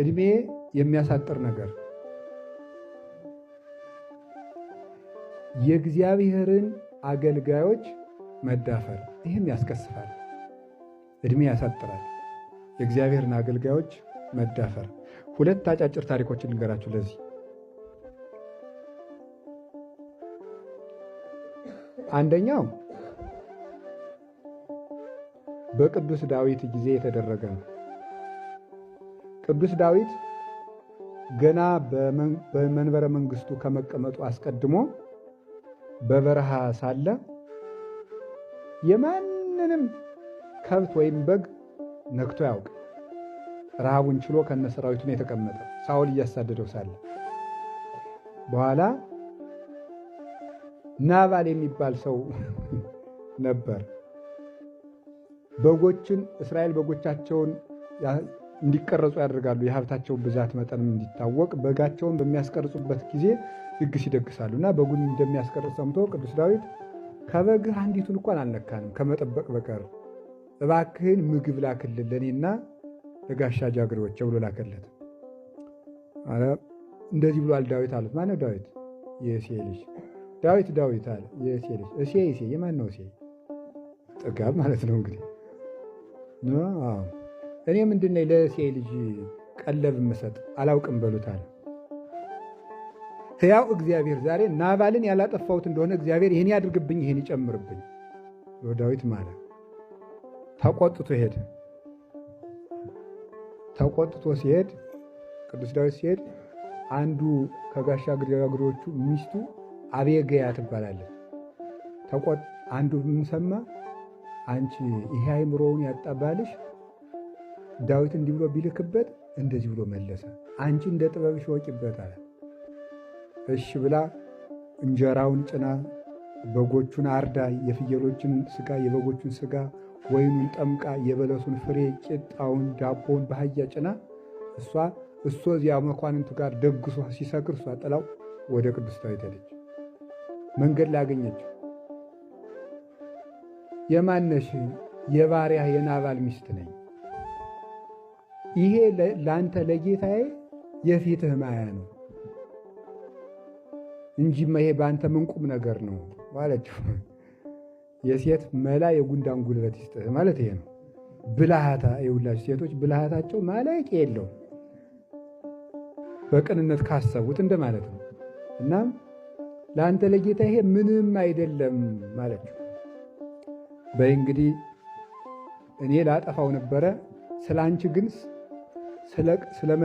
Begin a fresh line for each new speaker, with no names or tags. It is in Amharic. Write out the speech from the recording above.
እድሜ የሚያሳጥር ነገር የእግዚአብሔርን አገልጋዮች መዳፈር ይህም ያስከስፋል፣ እድሜ ያሳጥራል። የእግዚአብሔርን አገልጋዮች መዳፈር። ሁለት አጫጭር ታሪኮችን ልንገራችሁ። ለዚህ አንደኛው በቅዱስ ዳዊት ጊዜ የተደረገ ነው። ቅዱስ ዳዊት ገና በመንበረ መንግስቱ ከመቀመጡ አስቀድሞ በበረሃ ሳለ የማንንም ከብት ወይም በግ ነክቶ ያውቅ ረሃቡን ችሎ ከነሰራዊቱ ነው የተቀመጠ ሳውል እያሳደደው ሳለ በኋላ ናባል የሚባል ሰው ነበር። በጎችን እስራኤል በጎቻቸውን እንዲቀረጹ ያደርጋሉ። የሀብታቸው ብዛት መጠንም እንዲታወቅ በጋቸውን በሚያስቀርጹበት ጊዜ ድግስ ይደግሳሉ እና በጉን እንደሚያስቀርጽ ሰምቶ ቅዱስ ዳዊት ከበግህ አንዲቱን እንኳን አልነካንም ከመጠበቅ በቀር እባክህን ምግብ ላክልን ለእኔና ለጋሻ ጃግሬዎች ብሎ ላከለት። እንደዚህ ብሏል ዳዊት አሉት። ማነው ዳዊት? የእሴ ልጅ ዳዊት ዳዊት አለ የእሴ ልጅ እሴ እሴ የማን ነው እሴ? ጥጋብ ማለት ነው እንግዲህ እኔ ምንድን ነኝ ለእሴ ልጅ ቀለብ የምሰጥ አላውቅም በሉታል ያው ሕያው እግዚአብሔር ዛሬ ናባልን ያላጠፋሁት እንደሆነ እግዚአብሔር ይህን ያድርግብኝ፣ ይህን ይጨምርብኝ ብሎ ዳዊት ማለ። ተቆጥቶ ሄደ። ተቆጥቶ ሲሄድ ቅዱስ ዳዊት ሲሄድ አንዱ ከጋሻ ግሪዎቹ ሚስቱ አቤገያ ትባላለች። ተቆጥ አንዱ ምን ሰማ አንቺ ይሄ አይምሮውን ያጣባልሽ ዳዊት እንዲህ ብሎ ቢልክበት እንደዚህ ብሎ መለሰ፣ አንቺ እንደ ጥበብሽ ወቂበት አለ። እሺ ብላ እንጀራውን ጭና በጎቹን አርዳ የፍየሎችን ስጋ የበጎቹን ስጋ ወይኑን ጠምቃ የበለሱን ፍሬ ቂጣውን ዳቦውን ባህያ ጭና እሷ እሱ እዚያ መኳንንቱ ጋር ደግሶ ሲሰክር እሷ ጥላው ወደ ቅዱስ ዳዊት ሄደች። መንገድ ላገኘችው የማነሽ የባሪያ የናባል ሚስት ነኝ ይሄ ለአንተ ለጌታዬ የፊትህ ማያ ነው እንጂማ ይሄ በአንተ ምን ቁም ነገር ነው ማለችው። የሴት መላ የጉንዳን ጉልበት ይስጥህ ማለት ይሄ ነው። ብልሃታ የሁላችሁ ሴቶች ብልሃታቸው ማላቅ የለው በቅንነት ካሰቡት እንደማለት ነው። እናም ለአንተ ለጌታ ይሄ ምንም አይደለም ማለችው። በይ እንግዲህ እኔ ላጠፋው ነበረ ስለ አንቺ ግንስ ስለ